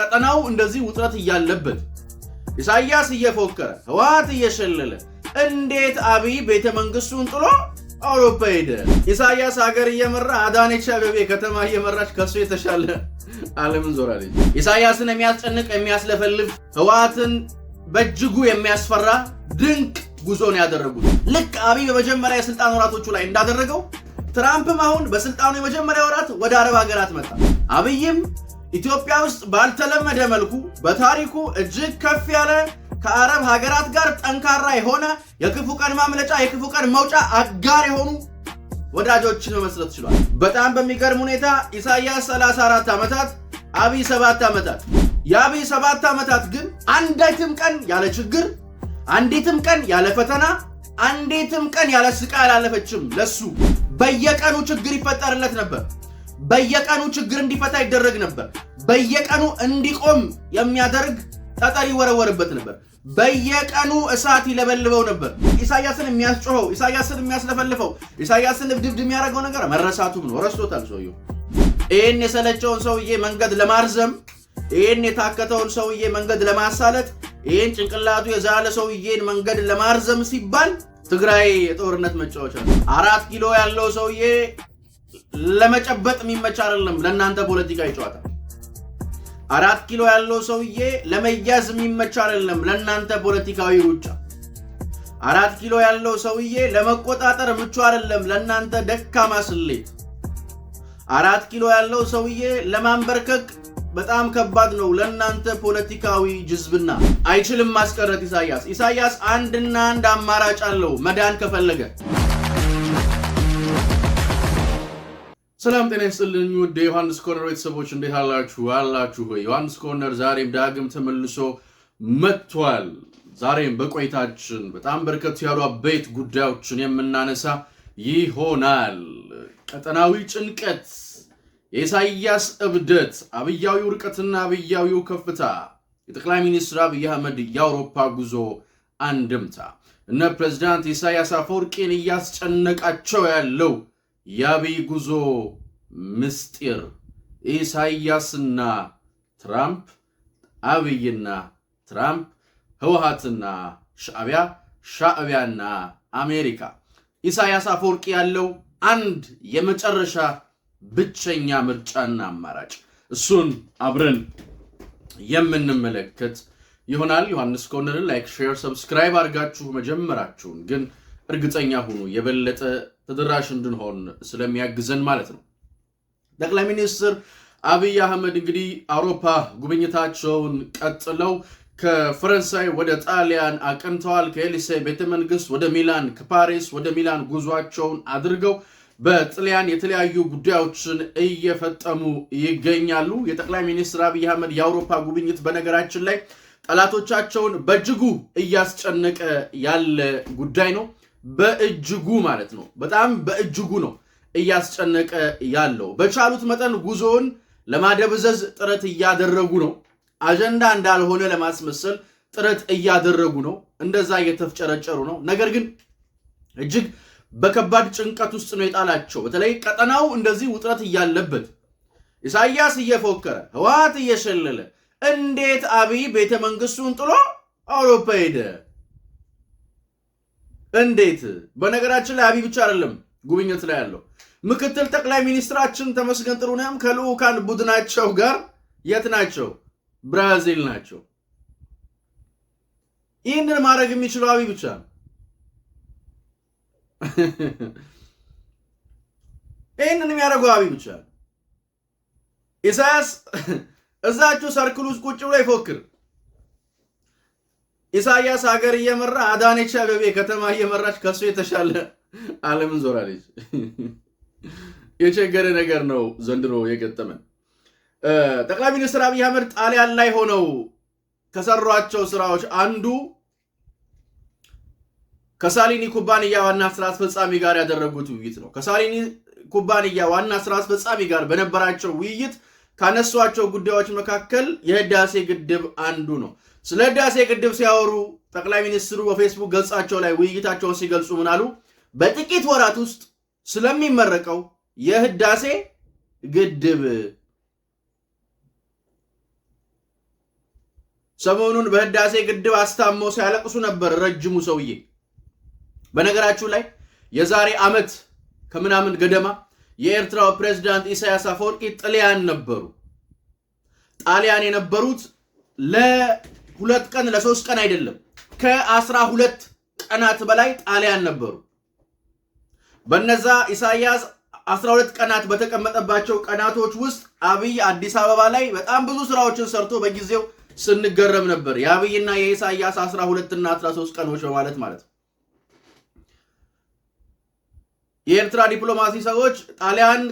ቀጠናው እንደዚህ ውጥረት እያለበት ኢሳያስ እየፎከረ ህወሓት እየሸለለ እንዴት አብይ ቤተ መንግስቱን ጥሎ አውሮፓ ሄደ? ኢሳያስ ሀገር እየመራ አዳነች አቤቤ ከተማ እየመራች ከሱ የተሻለ ዓለምን ዞራለች። ኢሳያስን የሚያስጨንቅ የሚያስለፈልፍ ህወሓትን በእጅጉ የሚያስፈራ ድንቅ ጉዞ ነው ያደረጉት። ልክ አብይ በመጀመሪያ የስልጣን ወራቶቹ ላይ እንዳደረገው ትራምፕም አሁን በስልጣኑ የመጀመሪያ ወራት ወደ አረብ ሀገራት መጣ። አብይም ኢትዮጵያ ውስጥ ባልተለመደ መልኩ በታሪኩ እጅግ ከፍ ያለ ከአረብ ሀገራት ጋር ጠንካራ የሆነ የክፉ ቀን ማምለጫ የክፉ ቀን መውጫ አጋር የሆኑ ወዳጆችን መመስረት ችሏል። በጣም በሚገርም ሁኔታ ኢሳያስ 34 ዓመታት፣ አብይ 7 ዓመታት። የአብይ 7 ዓመታት ግን አንዲትም ቀን ያለ ችግር፣ አንዲትም ቀን ያለ ፈተና፣ አንዲትም ቀን ያለ ስቃይ አላለፈችም። ለሱ በየቀኑ ችግር ይፈጠርለት ነበር። በየቀኑ ችግር እንዲፈታ ይደረግ ነበር። በየቀኑ እንዲቆም የሚያደርግ ጠጠር ይወረወርበት ነበር። በየቀኑ እሳት ይለበልበው ነበር። ኢሳያስን የሚያስጮኸው፣ ኢሳያስን የሚያስለፈልፈው፣ ኢሳያስን ድብድብ የሚያደርገው ነገር መረሳቱም ነው። ረስቶታል ሰውየው። ይህን የሰለቸውን ሰውዬ መንገድ ለማርዘም፣ ይህን የታከተውን ሰውዬ መንገድ ለማሳለጥ፣ ይህን ጭንቅላቱ የዛለ ሰውዬን መንገድ ለማርዘም ሲባል ትግራይ የጦርነት መጫወቻ አራት ኪሎ ያለው ሰውዬ ለመጨበጥ የሚመች አይደለም ለእናንተ ፖለቲካዊ ጨዋታ። አራት ኪሎ ያለው ሰውዬ ለመያዝ የሚመች አይደለም ለእናንተ ፖለቲካዊ ሩጫ። አራት ኪሎ ያለው ሰውዬ ለመቆጣጠር ምቹ አይደለም ለእናንተ ደካማ ስሌት። አራት ኪሎ ያለው ሰውዬ ለማንበርከቅ በጣም ከባድ ነው ለእናንተ ፖለቲካዊ ጅዝብና። አይችልም ማስቀረት ኢሳያስ። ኢሳያስ አንድና አንድ አማራጭ አለው መዳን ከፈለገ ሰላም ጤና ይስጥልኝ ውድ የዮሐንስ ኮርነር ቤተሰቦች እንዴት አላችሁ አላችሁ ሆይ ዮሐንስ ኮርነር ዛሬም ዳግም ተመልሶ መጥቷል ዛሬም በቆይታችን በጣም በርከት ያሉ አበይት ጉዳዮችን የምናነሳ ይሆናል ቀጠናዊ ጭንቀት የኢሳያስ እብደት አብያዊው ርቀትና አብያዊው ከፍታ የጠቅላይ ሚኒስትር አብይ አህመድ የአውሮፓ ጉዞ አንድምታ እነ ፕሬዚዳንት ኢሳያስ አፈወርቄን እያስጨነቃቸው ያለው የአብይ ጉዞ ምስጢር ኢሳይያስና ትራምፕ፣ አብይና ትራምፕ፣ ህወሓትና ሻዕቢያ፣ ሻዕቢያና አሜሪካ። ኢሳያስ አፈወርቂ ያለው አንድ የመጨረሻ ብቸኛ ምርጫና አማራጭ፣ እሱን አብረን የምንመለከት ይሆናል። ዮሐንስ ኮርነርን ላይክ፣ ሼር፣ ሰብስክራይብ አድርጋችሁ መጀመራችሁን ግን እርግጠኛ ሁኑ፣ የበለጠ ተደራሽ እንድንሆን ስለሚያግዘን ማለት ነው። ጠቅላይ ሚኒስትር አብይ አህመድ እንግዲህ አውሮፓ ጉብኝታቸውን ቀጥለው ከፈረንሳይ ወደ ጣሊያን አቅንተዋል። ከኤሊሴ ቤተመንግስት ወደ ሚላን ከፓሪስ ወደ ሚላን ጉዟቸውን አድርገው በጥልያን የተለያዩ ጉዳዮችን እየፈጠሙ ይገኛሉ። የጠቅላይ ሚኒስትር አብይ አህመድ የአውሮፓ ጉብኝት በነገራችን ላይ ጠላቶቻቸውን በእጅጉ እያስጨነቀ ያለ ጉዳይ ነው። በእጅጉ ማለት ነው፣ በጣም በእጅጉ ነው። እያስጨነቀ ያለው። በቻሉት መጠን ጉዞውን ለማደብዘዝ ጥረት እያደረጉ ነው። አጀንዳ እንዳልሆነ ለማስመሰል ጥረት እያደረጉ ነው። እንደዛ እየተፍጨረጨሩ ነው። ነገር ግን እጅግ በከባድ ጭንቀት ውስጥ ነው የጣላቸው። በተለይ ቀጠናው እንደዚህ ውጥረት እያለበት ኢሳያስ እየፎከረ ህወሓት እየሸለለ እንዴት አብይ ቤተ መንግስቱን ጥሎ አውሮፓ ሄደ? እንዴት? በነገራችን ላይ አብይ ብቻ አይደለም ጉብኝት ላይ ያለው ምክትል ጠቅላይ ሚኒስትራችን ተመስገን ጥሩነህም ከልዑካን ቡድናቸው ጋር የት ናቸው? ብራዚል ናቸው። ይህንን ማድረግ የሚችለው አብይ ብቻ ነው። ይህንን የሚያደርገው አብይ ብቻ ነው። ኢሳያስ እዛችሁ ሰርክል ውስጥ ቁጭ ብሎ ይፎክር። ኢሳያስ ሀገር እየመራ አዳነች አቤቤ ከተማ እየመራች ከሱ የተሻለ ዓለምን ዞራለች። የቸገረ ነገር ነው ዘንድሮ የገጠመን። ጠቅላይ ሚኒስትር አብይ አህመድ ጣሊያን ላይ ሆነው ከሰሯቸው ስራዎች አንዱ ከሳሊኒ ኩባንያ ዋና ስራ አስፈጻሚ ጋር ያደረጉት ውይይት ነው። ከሳሊኒ ኩባንያ ዋና ስራ አስፈጻሚ ጋር በነበራቸው ውይይት ካነሷቸው ጉዳዮች መካከል የህዳሴ ግድብ አንዱ ነው። ስለ ህዳሴ ግድብ ሲያወሩ ጠቅላይ ሚኒስትሩ በፌስቡክ ገጻቸው ላይ ውይይታቸውን ሲገልጹ ምን አሉ? በጥቂት ወራት ውስጥ ስለሚመረቀው የህዳሴ ግድብ ሰሞኑን በህዳሴ ግድብ አስታሞ ሲያለቅሱ ነበር ረጅሙ ሰውዬ። በነገራችሁ ላይ የዛሬ ዓመት ከምናምን ገደማ የኤርትራው ፕሬዝዳንት ኢሳያስ አፈወርቂ ጣሊያን ነበሩ። ጣሊያን የነበሩት ለሁለት ቀን ለሶስት ቀን አይደለም ከአስራ ሁለት ቀናት በላይ ጣሊያን ነበሩ። በነዛ ኢሳያስ 12 ቀናት በተቀመጠባቸው ቀናቶች ውስጥ አብይ አዲስ አበባ ላይ በጣም ብዙ ስራዎችን ሰርቶ በጊዜው ስንገረም ነበር። የአብይና የኢሳያስ 12 እና 13 ቀኖች በማለት ማለት ነው። የኤርትራ ዲፕሎማሲ ሰዎች ጣሊያን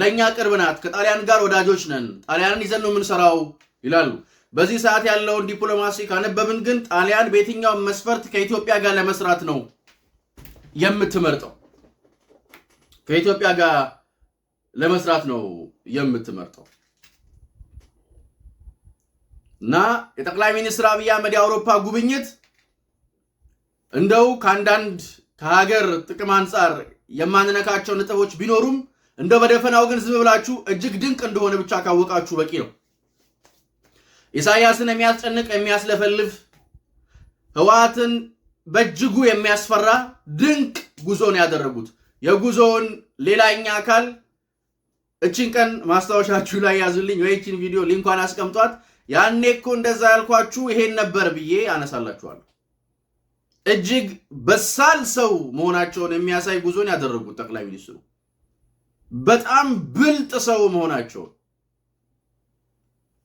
ለእኛ ቅርብ ናት፣ ከጣሊያን ጋር ወዳጆች ነን፣ ጣሊያንን ይዘን ነው የምንሰራው ይላሉ። በዚህ ሰዓት ያለውን ዲፕሎማሲ ካነበብን ግን ጣሊያን በየትኛውም መስፈርት ከኢትዮጵያ ጋር ለመስራት ነው የምትመርጠው ከኢትዮጵያ ጋር ለመስራት ነው የምትመርጠው እና የጠቅላይ ሚኒስትር አብይ አህመድ የአውሮፓ ጉብኝት እንደው ከአንዳንድ ከሀገር ጥቅም አንጻር የማንነካቸው ነጥቦች ቢኖሩም እንደው በደፈናው ግን ዝም ብላችሁ እጅግ ድንቅ እንደሆነ ብቻ ካወቃችሁ በቂ ነው። ኢሳያስን የሚያስጨንቅ የሚያስለፈልፍ ህወሓትን በእጅጉ የሚያስፈራ ድንቅ ጉዞን ያደረጉት የጉዞውን ሌላኛ አካል እችን ቀን ማስታወሻችሁ ላይ ያዙልኝ፣ ወይ እችን ቪዲዮ ሊንኳን አስቀምጧት። ያኔ እኮ እንደዛ ያልኳችሁ ይሄን ነበር ብዬ አነሳላችኋለሁ። እጅግ በሳል ሰው መሆናቸውን የሚያሳይ ጉዞን ያደረጉት ጠቅላይ ሚኒስትሩ በጣም ብልጥ ሰው መሆናቸውን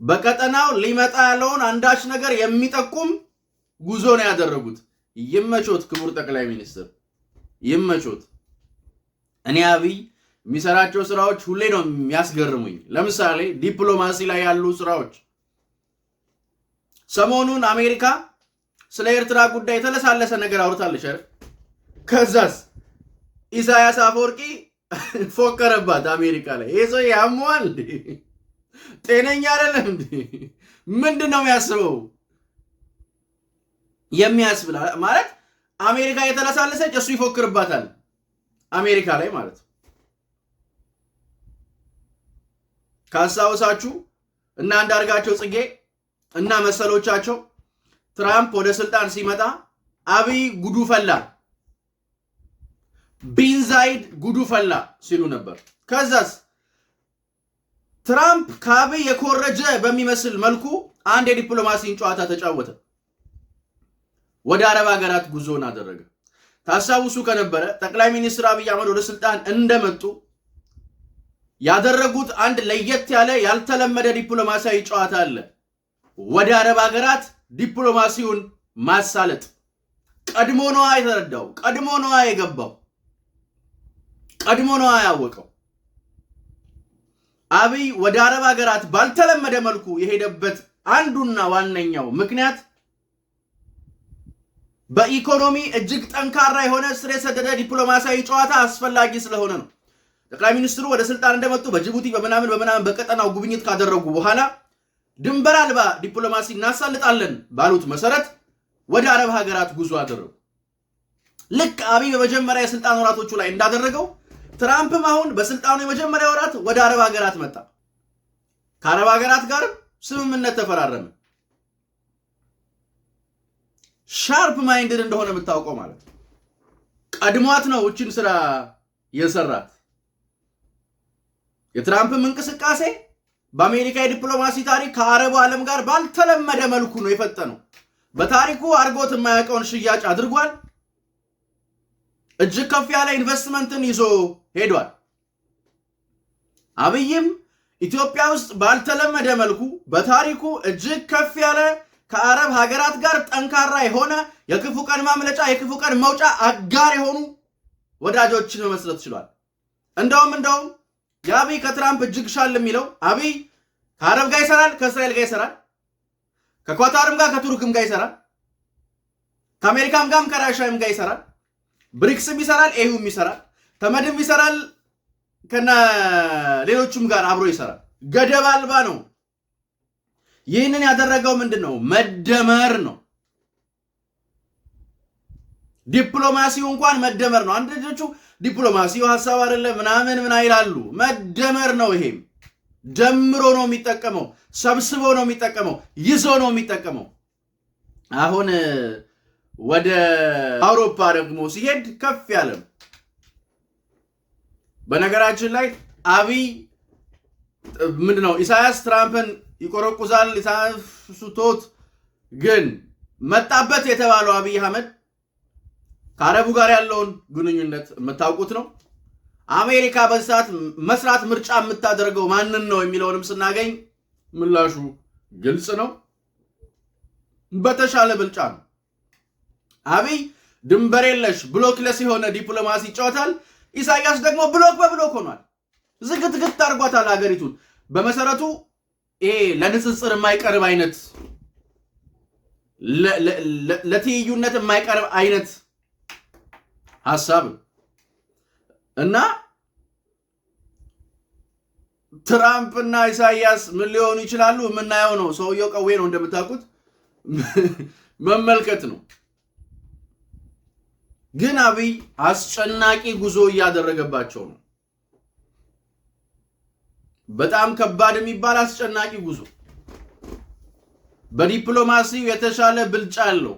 በቀጠናው ሊመጣ ያለውን አንዳች ነገር የሚጠቁም ጉዞ ነው ያደረጉት። ይመቾት፣ ክቡር ጠቅላይ ሚኒስትር ይመቾት። እኔ አብይ የሚሰራቸው ስራዎች ሁሌ ነው የሚያስገርሙኝ። ለምሳሌ ዲፕሎማሲ ላይ ያሉ ስራዎች። ሰሞኑን አሜሪካ ስለ ኤርትራ ጉዳይ የተለሳለሰ ነገር አውርታለች አይደል? ከዛስ ኢሳያስ አፈወርቂ ፎከረባት አሜሪካ ላይ። ይሄ ሰው ያሟል ጤነኛ አይደለም ምንድን ነው የሚያስበው? የሚያስብላ ማለት አሜሪካ የተለሳለሰች እሱ ይፎክርባታል አሜሪካ ላይ ማለት ካስታወሳችሁ እና አንዳርጋቸው ጽጌ እና መሰሎቻቸው ትራምፕ ወደ ስልጣን ሲመጣ አብይ ጉዱ ፈላ፣ ቢንዛይድ ጉዱ ፈላ ሲሉ ነበር። ከዛስ ትራምፕ ከአብይ የኮረጀ በሚመስል መልኩ አንድ የዲፕሎማሲን ጨዋታ ተጫወተ። ወደ አረብ ሀገራት ጉዞን አደረገ። ታስታውሱ ከነበረ ጠቅላይ ሚኒስትር አብይ አህመድ ወደ ስልጣን እንደመጡ ያደረጉት አንድ ለየት ያለ ያልተለመደ ዲፕሎማሲያዊ ጨዋታ አለ። ወደ አረብ ሀገራት ዲፕሎማሲውን ማሳለጥ። ቀድሞ ነዋ የተረዳው፣ ቀድሞ ነዋ የገባው፣ ቀድሞ ነዋ ያወቀው። አብይ ወደ አረብ ሀገራት ባልተለመደ መልኩ የሄደበት አንዱና ዋነኛው ምክንያት በኢኮኖሚ እጅግ ጠንካራ የሆነ ስር የሰደደ ዲፕሎማሲያዊ ጨዋታ አስፈላጊ ስለሆነ ነው። ጠቅላይ ሚኒስትሩ ወደ ስልጣን እንደመጡ በጅቡቲ በምናምን በምናምን በቀጠናው ጉብኝት ካደረጉ በኋላ ድንበር አልባ ዲፕሎማሲ እናሳልጣለን ባሉት መሰረት ወደ አረብ ሀገራት ጉዞ አደረጉ። ልክ አብይ በመጀመሪያ የስልጣን ወራቶቹ ላይ እንዳደረገው ትራምፕም አሁን በስልጣኑ የመጀመሪያ ወራት ወደ አረብ ሀገራት መጣ። ከአረብ ሀገራት ጋርም ስምምነት ተፈራረመ። ሻርፕ ማይንድድ እንደሆነ የምታውቀው ማለት ነው። ቀድሟት ነው እችን ስራ የሰራት። የትራምፕም እንቅስቃሴ በአሜሪካ የዲፕሎማሲ ታሪክ ከአረቡ ዓለም ጋር ባልተለመደ መልኩ ነው የፈጠነው። በታሪኩ አድርጎት የማያውቀውን ሽያጭ አድርጓል። እጅግ ከፍ ያለ ኢንቨስትመንትን ይዞ ሄዷል። አብይም ኢትዮጵያ ውስጥ ባልተለመደ መልኩ በታሪኩ እጅግ ከፍ ያለ ከአረብ ሀገራት ጋር ጠንካራ የሆነ የክፉ ቀን ማምለጫ የክፉ ቀን መውጫ አጋር የሆኑ ወዳጆችን መመስረት ችሏል። እንደውም እንደውም የአብይ ከትራምፕ እጅግ ሻል የሚለው አብይ ከአረብ ጋር ይሰራል፣ ከእስራኤል ጋር ይሰራል፣ ከኳታርም ጋር ከቱርክም ጋር ይሰራል፣ ከአሜሪካም ጋርም ከራሻም ጋር ይሰራል፣ ብሪክስም ይሰራል፣ ኤዩም ይሰራል፣ ተመድም ይሰራል፣ ከነ ሌሎቹም ጋር አብሮ ይሰራል። ገደብ አልባ ነው። ይህንን ያደረገው ምንድን ነው? መደመር ነው። ዲፕሎማሲው እንኳን መደመር ነው። አንዳንዶቹ ዲፕሎማሲው ሀሳብ አይደለ ምናምን ምና ይላሉ። መደመር ነው። ይሄም ደምሮ ነው የሚጠቀመው፣ ሰብስቦ ነው የሚጠቀመው፣ ይዞ ነው የሚጠቀመው። አሁን ወደ አውሮፓ ደግሞ ሲሄድ ከፍ ያለም በነገራችን ላይ አብይ ምንድነው ኢሳያስ ትራምፕን ይቆረቁዛል፣ ይሳሱቶት። ግን መጣበት የተባለው አብይ አህመድ ከአረቡ ጋር ያለውን ግንኙነት የምታውቁት ነው። አሜሪካ በዚህ ሰዓት መስራት ምርጫ የምታደርገው ማንን ነው የሚለውንም ስናገኝ ምላሹ ግልጽ ነው። በተሻለ ብልጫ ነው። አብይ ድንበር የለሽ ብሎክለስ የሆነ ዲፕሎማሲ ይጫወታል። ኢሳያስ ደግሞ ብሎክ በብሎክ ሆኗል። ዝግትግት አድርጓታል ሀገሪቱን በመሰረቱ ይሄ ለንጽጽር የማይቀርብ አይነት ለትይዩነት የማይቀርብ አይነት ሀሳብ እና ትራምፕ እና ኢሳያስ ምን ሊሆኑ ይችላሉ? የምናየው ነው። ሰውየው ቀዌ ነው እንደምታውቁት፣ መመልከት ነው። ግን አብይ አስጨናቂ ጉዞ እያደረገባቸው ነው። በጣም ከባድ የሚባል አስጨናቂ ጉዞ በዲፕሎማሲው የተሻለ ብልጫ አለው።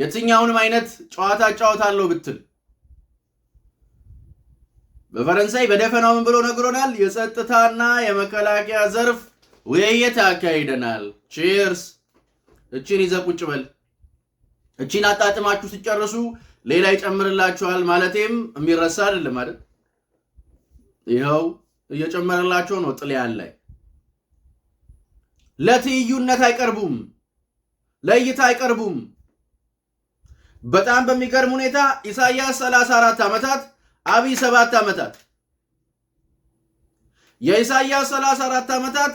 የትኛውንም አይነት ጨዋታ ጫወታለሁ ብትል በፈረንሳይ በደፈናው ምን ብሎ ነግሮናል? የጸጥታና የመከላከያ ዘርፍ ውይይት አካሂደናል። ቺርስ። እቺን ይዘ ቁጭ በል። እቺን አጣጥማችሁ ሲጨርሱ ሌላ ይጨምርላችኋል። ማለቴም የሚረሳ አይደለም አይደል? ይኸው እየጨመረላቸው ነው። ጥልያን ላይ ለትይዩነት አይቀርቡም፣ ለእይታ አይቀርቡም። በጣም በሚገርም ሁኔታ ኢሳያስ 34 ዓመታት አብይ 7 ዓመታት የኢሳያስ 34 ዓመታት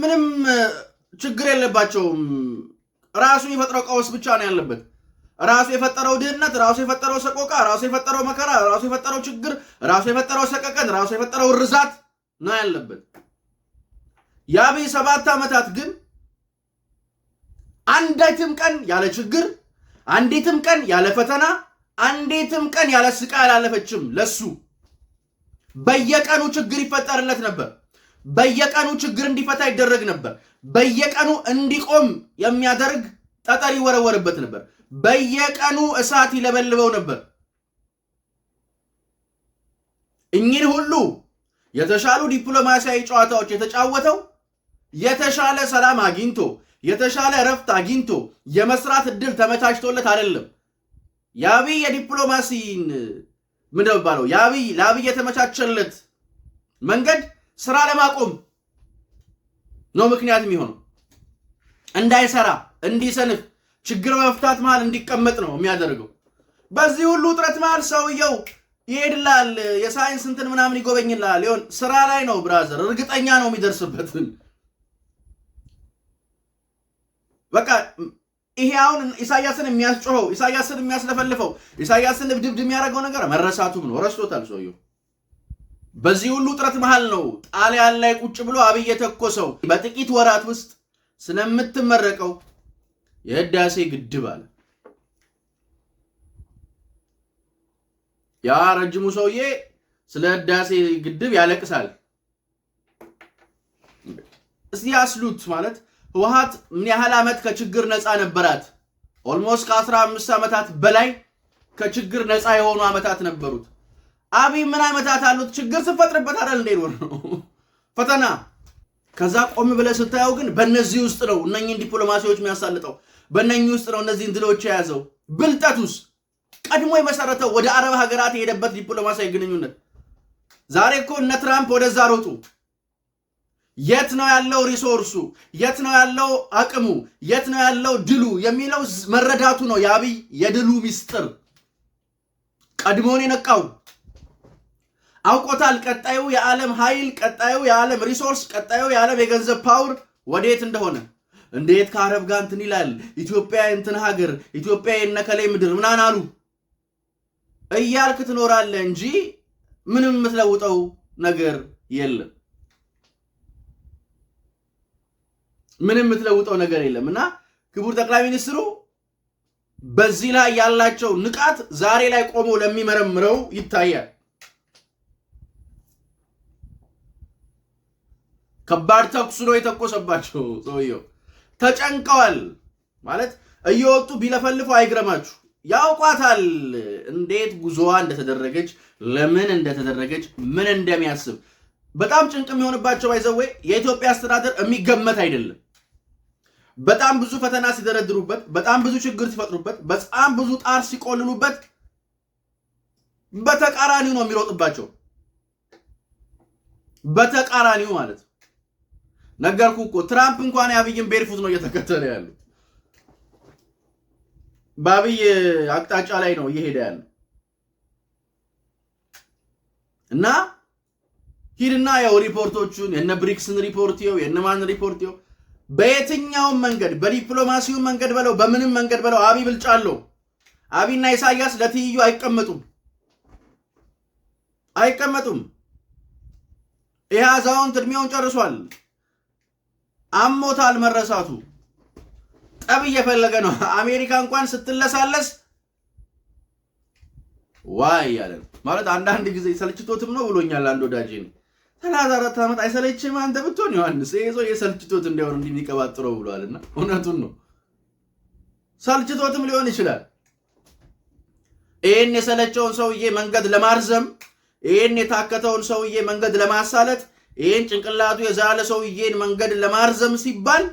ምንም ችግር የለባቸውም። ራሱን የፈጠረው ቀውስ ብቻ ነው ያለበት። ራሱ የፈጠረው ድህነት፣ ራሱ የፈጠረው ሰቆቃ፣ ራሱ የፈጠረው መከራ፣ ራሱ የፈጠረው ችግር፣ ራሱ የፈጠረው ሰቀቀን፣ ራሱ የፈጠረው ርዛት ነው ያለበት። የአብይ ሰባት ዓመታት ግን አንዲትም ቀን ያለ ችግር፣ አንዲትም ቀን ያለ ፈተና፣ አንዲትም ቀን ያለ ስቃይ አላለፈችም። ለሱ በየቀኑ ችግር ይፈጠርለት ነበር። በየቀኑ ችግር እንዲፈታ ይደረግ ነበር። በየቀኑ እንዲቆም የሚያደርግ ጠጠር ይወረወርበት ነበር። በየቀኑ እሳት ይለበልበው ነበር። እኚህን ሁሉ የተሻሉ ዲፕሎማሲያዊ ጨዋታዎች የተጫወተው የተሻለ ሰላም አግኝቶ የተሻለ እረፍት አግኝቶ የመስራት እድል ተመቻችቶለት አይደለም። የአብይ የዲፕሎማሲን ምንድን ነው የአብይ ለአብይ የተመቻቸለት መንገድ ስራ ለማቆም ነው ምክንያት የሚሆነው እንዳይሰራ እንዲሰንፍ ችግር በመፍታት መሃል እንዲቀመጥ ነው የሚያደርገው። በዚህ ሁሉ ውጥረት መሃል ሰውየው ይሄድላል፣ የሳይንስ እንትን ምናምን ይጎበኝላል። ሆን ስራ ላይ ነው ብራዘር፣ እርግጠኛ ነው የሚደርስበት። በቃ ይሄ አሁን ኢሳያስን የሚያስጮኸው ኢሳያስን የሚያስለፈልፈው ኢሳያስን ድብድብ የሚያደርገው ነገር መረሳቱም ነው። ረስቶታል ሰውየው። በዚህ ሁሉ ውጥረት መሃል ነው ጣሊያን ላይ ቁጭ ብሎ አብይ የተኮሰው። በጥቂት ወራት ውስጥ ስለምትመረቀው የህዳሴ ግድብ አለ። ያ ረጅሙ ሰውዬ ስለ ህዳሴ ግድብ ያለቅሳል። እስቲ አስሉት ማለት ህወሓት ምን ያህል ዓመት ከችግር ነፃ ነበራት? ኦልሞስት ከአስራ አምስት ዓመታት በላይ ከችግር ነፃ የሆኑ ዓመታት ነበሩት። አብይ ምን ዓመታት አሉት? ችግር ስፈጥርበት አይደል እንዴ ነው ፈተና። ከዛ ቆም ብለህ ስታየው ግን በእነዚህ ውስጥ ነው እነኝን ዲፕሎማሲዎች የሚያሳልጠው። በእነኚህ ውስጥ ነው እነዚህን ድሎች የያዘው። ብልጠቱስ ቀድሞ የመሰረተው ወደ አረብ ሀገራት የሄደበት ዲፕሎማሲያዊ ግንኙነት። ዛሬ እኮ እነ ትራምፕ ወደዛ ሮጡ። የት ነው ያለው ሪሶርሱ፣ የት ነው ያለው አቅሙ፣ የት ነው ያለው ድሉ የሚለው መረዳቱ ነው የአብይ የድሉ ሚስጥር። ቀድሞውን የነቃው አውቆታል። ቀጣዩ የዓለም ኃይል፣ ቀጣዩ የዓለም ሪሶርስ፣ ቀጣዩ የዓለም የገንዘብ ፓውር ወዴት እንደሆነ እንዴት ከአረብ ጋር እንትን ይላል ኢትዮጵያ እንትን ሀገር ኢትዮጵያ የነከሌ ምድር ምናን አሉ እያልክ ትኖራለህ እንጂ ምንም የምትለውጠው ነገር የለም። ምንም የምትለውጠው ነገር የለም እና ክቡር ጠቅላይ ሚኒስትሩ በዚህ ላይ ያላቸው ንቃት ዛሬ ላይ ቆሞ ለሚመረምረው ይታያል። ከባድ ተኩስ ነው የተኮሰባቸው ሰውየው። ተጨንቀዋል ማለት እየወጡ ቢለፈልፉ አይግረማችሁ። ያውቋታል እንዴት ጉዞዋ እንደተደረገች ለምን እንደተደረገች ምን እንደሚያስብ በጣም ጭንቅ የሚሆንባቸው ባይዘዌ የኢትዮጵያ አስተዳደር የሚገመት አይደለም። በጣም ብዙ ፈተና ሲደረድሩበት፣ በጣም ብዙ ችግር ሲፈጥሩበት፣ በጣም ብዙ ጣር ሲቆልሉበት፣ በተቃራኒው ነው የሚሮጥባቸው። በተቃራኒው ማለት ነገርኩ እኮ ትራምፕ እንኳን የአብይን ቤርፉት ነው እየተከተለ ያለው። በአብይ አቅጣጫ ላይ ነው እየሄደ ያለ እና ሂድና ያው ሪፖርቶቹን የነ ብሪክስን ሪፖርት የው የነማን ሪፖርት የው በየትኛውም መንገድ በዲፕሎማሲው መንገድ በለው በምንም መንገድ በለው አብይ ብልጫ አለው። አብይና ኢሳያስ ለትይዩ አይቀመጡም አይቀመጡም። ይህ አዛውንት እድሜውን ጨርሷል። አሞታል መረሳቱ። ጠብ እየፈለገ ነው። አሜሪካ እንኳን ስትለሳለስ ዋይ እያለ ነው ማለት። አንዳንድ ጊዜ ሰልችቶትም ነው ብሎኛል አንድ ወዳጄ ነው። ሰላሳ አራት ዓመት አይሰለችም አንተ ብትሆን ዮሐንስ ሰው የሰልችቶት እንዲሆን እንዲቀባጥረው ብሏልና እውነቱን ነው። ሰልችቶትም ሊሆን ይችላል። ይህን የሰለቸውን ሰውዬ መንገድ ለማርዘም ይህን የታከተውን ሰውዬ መንገድ ለማሳለጥ ይህን ጭንቅላቱ የዛለ ሰውዬን መንገድ ለማርዘም ሲባል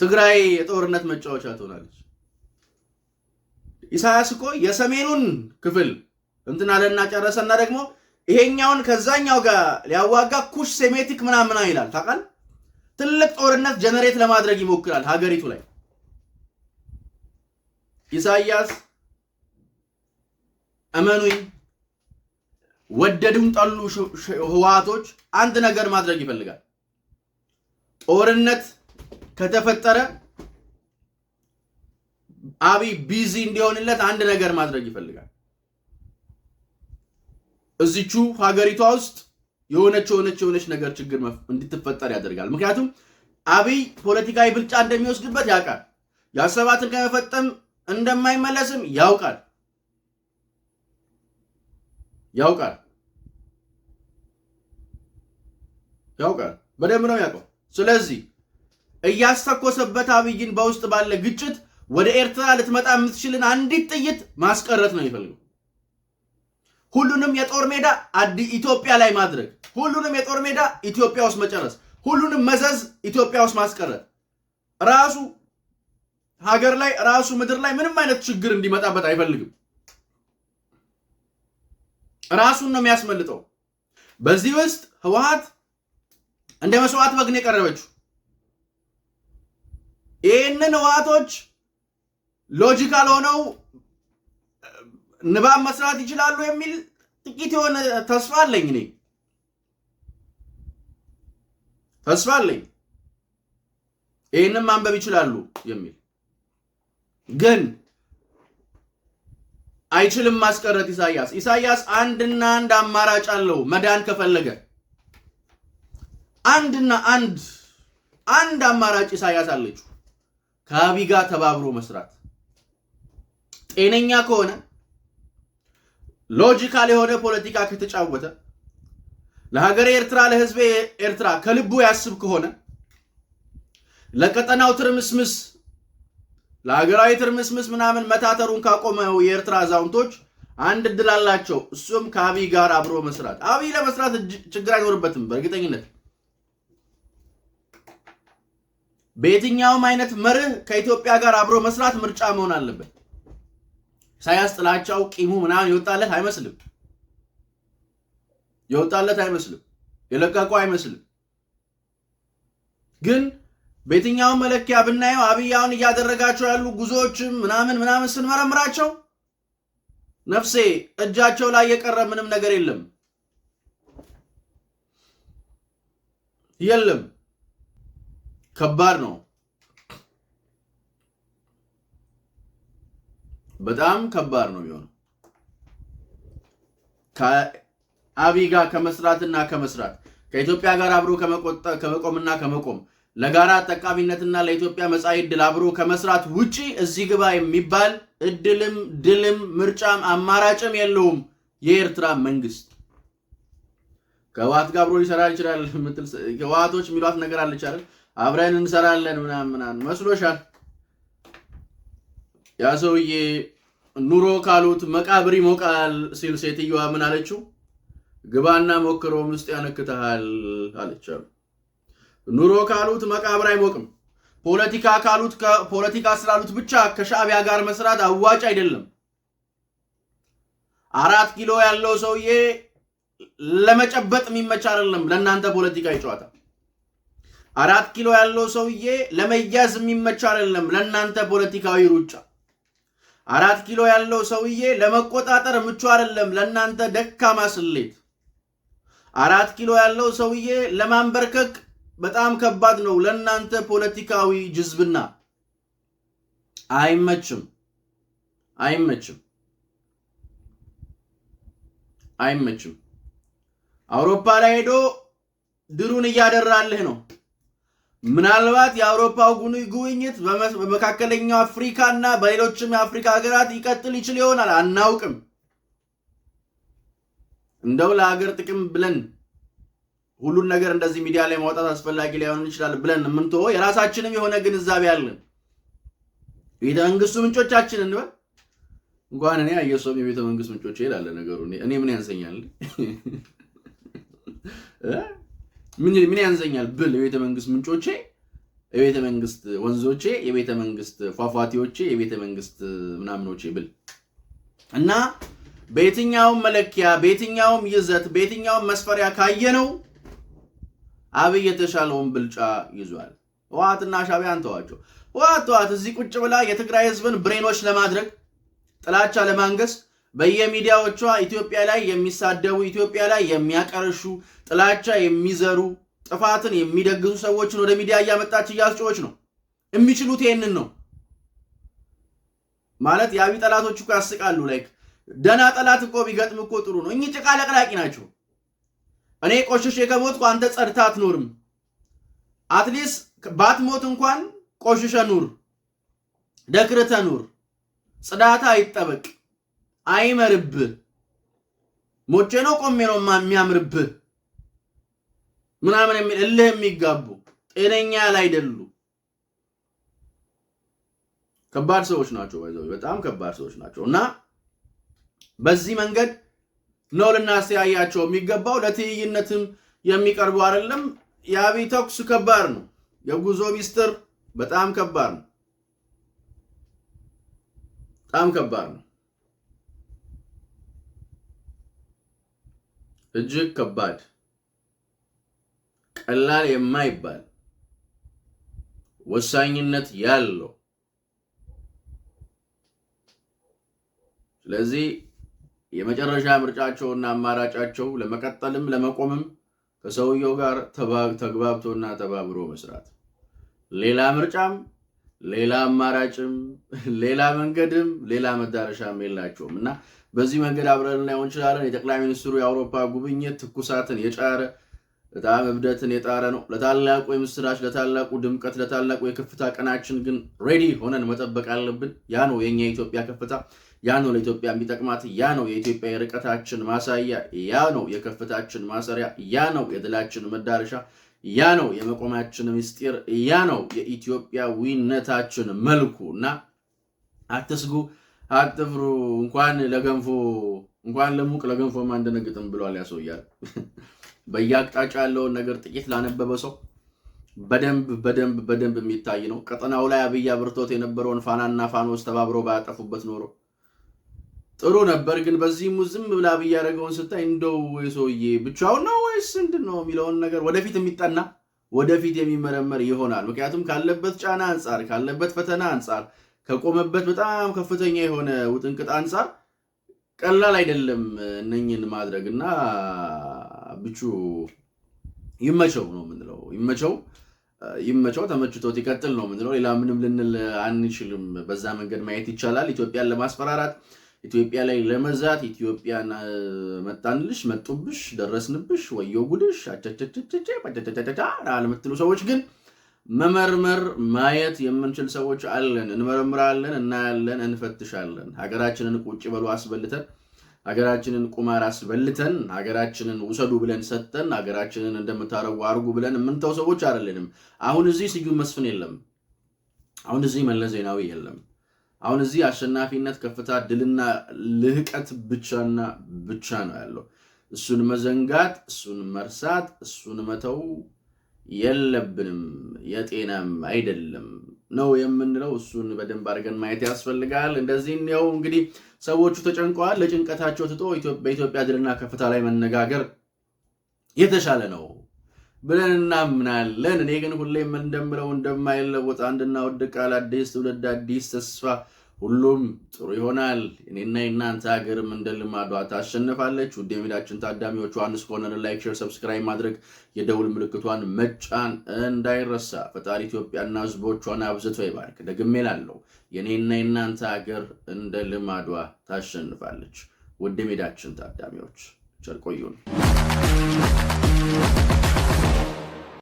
ትግራይ የጦርነት መጫወቻ ትሆናለች። ኢሳያስ እኮ የሰሜኑን ክፍል እንትን አለና ጨረሰና ደግሞ ይሄኛውን ከዛኛው ጋር ሊያዋጋ ኩሽ ሴሜቲክ ምናምና ይላል ታውቃል። ትልቅ ጦርነት ጀነሬት ለማድረግ ይሞክራል ሀገሪቱ ላይ ኢሳያስ። እመኑኝ ወደዱም ጠሉ ህወሓቶች አንድ ነገር ማድረግ ይፈልጋል። ጦርነት ከተፈጠረ አብይ ቢዚ እንዲሆንለት አንድ ነገር ማድረግ ይፈልጋል። እዚቹ ሀገሪቷ ውስጥ የሆነች የሆነች የሆነች ነገር ችግር እንድትፈጠር ያደርጋል። ምክንያቱም አብይ ፖለቲካዊ ብልጫ እንደሚወስድበት ያውቃል። ያሰባትን ከመፈጠም እንደማይመለስም ያውቃል ያውቃል። ያውቃል፣ በደንብ ነው ያውቀው። ስለዚህ እያስተኮሰበት አብይን በውስጥ ባለ ግጭት ወደ ኤርትራ ልትመጣ የምትችልን አንዲት ጥይት ማስቀረት ነው የሚፈልገው። ሁሉንም የጦር ሜዳ ኢትዮጵያ ላይ ማድረግ፣ ሁሉንም የጦር ሜዳ ኢትዮጵያ ውስጥ መጨረስ፣ ሁሉንም መዘዝ ኢትዮጵያ ውስጥ ማስቀረት፣ ራሱ ሀገር ላይ ራሱ ምድር ላይ ምንም አይነት ችግር እንዲመጣበት አይፈልግም። ራሱን ነው የሚያስመልጠው። በዚህ ውስጥ ህወሓት እንደ መስዋዕት በግ ነው የቀረበችው። ይህንን ህወሓቶች ሎጂካል ሆነው ንባብ መስራት ይችላሉ የሚል ጥቂት የሆነ ተስፋ አለኝ። እኔ ተስፋ አለኝ ይህንን ማንበብ ይችላሉ የሚል ግን አይችልም ማስቀረት ኢሳያስ ኢሳያስ አንድና አንድ አማራጭ አለው መዳን ከፈለገ አንድና አንድ አንድ አማራጭ ኢሳያስ አለች፣ ከአብይ ጋር ተባብሮ መስራት። ጤነኛ ከሆነ ሎጂካል የሆነ ፖለቲካ ከተጫወተ ለሀገሬ ኤርትራ፣ ለህዝቤ ኤርትራ ከልቡ ያስብ ከሆነ ለቀጠናው ትርምስምስ፣ ለሀገራዊ ትርምስምስ ምናምን መታተሩን ካቆመው የኤርትራ አዛውንቶች አንድ እድል አላቸው። እሱም ከአብይ ጋር አብሮ መስራት። አብይ ለመስራት ችግር አይኖርበትም በእርግጠኝነት በየትኛውም አይነት መርህ ከኢትዮጵያ ጋር አብሮ መስራት ምርጫ መሆን አለበት። ኢሳያስ ጥላቻው ቂሙ ምናምን የወጣለት አይመስልም፣ የወጣለት አይመስልም፣ የለቀቁ አይመስልም። ግን በየትኛውም መለኪያ ብናየው አብያውን እያደረጋቸው ያሉ ጉዞዎችም ምናምን ምናምን ስንመረምራቸው ነፍሴ እጃቸው ላይ የቀረ ምንም ነገር የለም የለም። ከባድ ነው። በጣም ከባድ ነው የሚሆነው ከአብይ ጋር ከመስራትና ከመስራት ከኢትዮጵያ ጋር አብሮ ከመቆምና ከመቆም ለጋራ ጠቃሚነትና ለኢትዮጵያ መጻኢ ዕድል አብሮ ከመስራት ውጪ እዚህ ግባ የሚባል እድልም ድልም ምርጫም አማራጭም የለውም። የኤርትራ መንግስት ከህወሓት ጋር አብሮ ሊሰራ ይችላል። ከህወሓቶች የሚሏት ነገር አለች አይደል? አብረን እንሰራለን ምናምን ምናምን መስሎሻል። ያ ሰውዬ ኑሮ ካሉት መቃብር ይሞቃል ሲል ሴትየዋ ምን አለችው? ግባና ሞክሮም ውስጥ ያነክትሃል አለቻሉ። ኑሮ ካሉት መቃብር አይሞቅም። ፖለቲካ ካሉት ፖለቲካ ስላሉት ብቻ ከሻዕቢያ ጋር መስራት አዋጭ አይደለም። አራት ኪሎ ያለው ሰውዬ ለመጨበጥ የሚመች አይደለም ለእናንተ ፖለቲካ ይጨዋታል አራት ኪሎ ያለው ሰውዬ ለመያዝ የሚመቸው አይደለም። ለእናንተ ፖለቲካዊ ሩጫ አራት ኪሎ ያለው ሰውዬ ለመቆጣጠር ምቹ አይደለም። ለእናንተ ደካማ ስሌት አራት ኪሎ ያለው ሰውዬ ለማንበርከክ በጣም ከባድ ነው። ለእናንተ ፖለቲካዊ ጅዝብና አይመችም፣ አይመችም፣ አይመችም። አውሮፓ ላይ ሄዶ ድሩን እያደራልህ ነው። ምናልባት የአውሮፓው ጉብኝት በመካከለኛው አፍሪካ እና በሌሎችም የአፍሪካ ሀገራት ይቀጥል ይችል ይሆናል፣ አናውቅም። እንደው ለሀገር ጥቅም ብለን ሁሉን ነገር እንደዚህ ሚዲያ ላይ ማውጣት አስፈላጊ ላይሆን ይችላል ብለን የምንትሆ የራሳችንም የሆነ ግንዛቤ አለን። ቤተ መንግስቱ ምንጮቻችን እንበል እንኳን እኔ አየሶም የቤተ መንግስት ምንጮች ይላለ ነገሩ እኔ ምን ያንሰኛል ምን ያንዘኛል ብል የቤተ መንግስት ምንጮቼ፣ የቤተ መንግስት ወንዞቼ፣ የቤተ መንግስት ፏፏቴዎቼ፣ የቤተ መንግስት ምናምኖቼ ብል እና በየትኛውም መለኪያ በየትኛውም ይዘት በየትኛውም መስፈሪያ ካየነው አብይ የተሻለውን ብልጫ ይዟል። ህወሓትና ሻዕቢያ አንተዋቸው። ህወሓት ህወሓት እዚህ ቁጭ ብላ የትግራይ ህዝብን ብሬኖች ለማድረግ ጥላቻ ለማንገስ በየሚዲያዎቿ ኢትዮጵያ ላይ የሚሳደቡ ኢትዮጵያ ላይ የሚያቀርሹ ጥላቻ የሚዘሩ ጥፋትን የሚደግሱ ሰዎችን ወደ ሚዲያ እያመጣች እያስጮች ነው። የሚችሉት ይህንን ነው ማለት የአብይ ጠላቶች እኮ ያስቃሉ። ላይክ ደና ጠላት እኮ ቢገጥም እኮ ጥሩ ነው። እኚህ ጭቃ ለቅላቂ ናቸው። እኔ ቆሽሼ ከሞትኩ አንተ ጸድታ አትኖርም። አትሊስት ባትሞት እንኳን ቆሽሸ ኑር፣ ደክርተ ኑር፣ ጽዳታ አይጠበቅ። አይመርብህ። ሞቼ ነው ቆሜ ነው የሚያምርብህ ምናምን የሚል እልህ የሚጋቡ ጤነኛ ላይ አይደሉ። ከባድ ሰዎች ናቸው፣ በጣም ከባድ ሰዎች ናቸው። እና በዚህ መንገድ ነው ልናስተያያቸው የሚገባው። ለትይይነትም የሚቀርቡ አይደለም። የአብይ ተኩስ ከባድ ነው። የጉዞ ሚስጥር በጣም ከባድ ነው። በጣም ከባድ ነው። እጅግ ከባድ ቀላል የማይባል ወሳኝነት ያለው ስለዚህ የመጨረሻ ምርጫቸውና አማራጫቸው ለመቀጠልም ለመቆምም ከሰውየው ጋር ተግባብቶና ተባብሮ መስራት። ሌላ ምርጫም ሌላ አማራጭም ሌላ መንገድም ሌላ መዳረሻም የላቸውም እና በዚህ መንገድ አብረን ልናየው እንችላለን። የጠቅላይ ሚኒስትሩ የአውሮፓ ጉብኝት ትኩሳትን የጫረ በጣም እብደትን የጣረ ነው። ለታላቁ የምስራች፣ ለታላቁ ድምቀት፣ ለታላቁ የከፍታ ቀናችን ግን ሬዲ ሆነን መጠበቅ አለብን። ያ ነው የኛ የኢትዮጵያ ከፍታ፣ ያ ነው ለኢትዮጵያ የሚጠቅማት፣ ያ ነው የኢትዮጵያ የርቀታችን ማሳያ፣ ያ ነው የከፍታችን ማሰሪያ፣ ያ ነው የድላችን መዳረሻ፣ ያ ነው የመቆማችን ምስጢር፣ ያ ነው የኢትዮጵያዊነታችን መልኩ እና አትስጉ አትፍሩ። እንኳን ለገንፎ እንኳን ለሙቅ ለገንፎ አንደነግጥም ብሏል ያሰውያል። በየአቅጣጫ ያለውን ነገር ጥቂት ላነበበ ሰው በደንብ በደንብ በደንብ የሚታይ ነው። ቀጠናው ላይ አብይ አብርቶት የነበረውን ፋናና ፋኖስ ተባብረው ባያጠፉበት ኖሮ ጥሩ ነበር። ግን በዚህም ዝም ብላ አብይ ያደረገውን ስታይ እንደው ሰውዬ ብቻውን ነው ወይስ ምንድን ነው የሚለውን ነገር ወደፊት የሚጠና ወደፊት የሚመረመር ይሆናል። ምክንያቱም ካለበት ጫና አንጻር ካለበት ፈተና አንጻር ከቆመበት በጣም ከፍተኛ የሆነ ውጥንቅጥ አንጻር ቀላል አይደለም እነኝን ማድረግ እና ብቹ ይመቸው ነው የምንለው። ይመቸው ይመቸው ተመችቶት ይቀጥል ነው የምንለው። ሌላ ምንም ልንል አንችልም። በዛ መንገድ ማየት ይቻላል። ኢትዮጵያን ለማስፈራራት፣ ኢትዮጵያ ላይ ለመዛት፣ ኢትዮጵያን መጣንልሽ፣ መጡብሽ፣ ደረስንብሽ፣ ወየው ጉድሽ አቻቻቻቻ ለምትሉ ሰዎች ግን መመርመር ማየት የምንችል ሰዎች አለን። እንመረምራለን፣ እናያለን፣ እንፈትሻለን። ሀገራችንን ቁጭ በሉ አስበልተን ሀገራችንን ቁማር አስበልተን ሀገራችንን ውሰዱ ብለን ሰጠን ሀገራችንን እንደምታረጉ አርጉ ብለን የምንተው ሰዎች አይደለንም። አሁን እዚህ ስዩም መስፍን የለም። አሁን እዚህ መለስ ዜናዊ የለም። አሁን እዚህ አሸናፊነት፣ ከፍታ፣ ድልና ልህቀት ብቻና ብቻ ነው ያለው። እሱን መዘንጋት፣ እሱን መርሳት፣ እሱን መተው የለብንም የጤናም አይደለም ነው የምንለው። እሱን በደንብ አድርገን ማየት ያስፈልጋል። እንደዚህም ያው እንግዲህ ሰዎቹ ተጨንቀዋል። ለጭንቀታቸው ትቶ በኢትዮጵያ ድልና ከፍታ ላይ መነጋገር የተሻለ ነው ብለን እናምናለን። እኔ ግን ሁሌም እንደምለው እንደማይለወጥ አንድና ውድ ቃል አዲስ ትውልድ አዲስ ተስፋ ሁሉም ጥሩ ይሆናል። እኔና የእናንተ ሀገርም እንደ ልማዷ ታሸንፋለች። ውድ የሜዳችን ታዳሚዎች ዮሐንስ ኮርነር ላይክ፣ ሼር፣ ሰብስክራይብ ማድረግ የደውል ምልክቷን መጫን እንዳይረሳ። ፈጣሪ ኢትዮጵያና ሕዝቦቿን አብዝቶ ይባርክ። ደግሜ ላለው የእኔና የእናንተ ሀገር እንደ ልማዷ ታሸንፋለች። ውድ የሜዳችን ታዳሚዎች ቸር ቆዩን።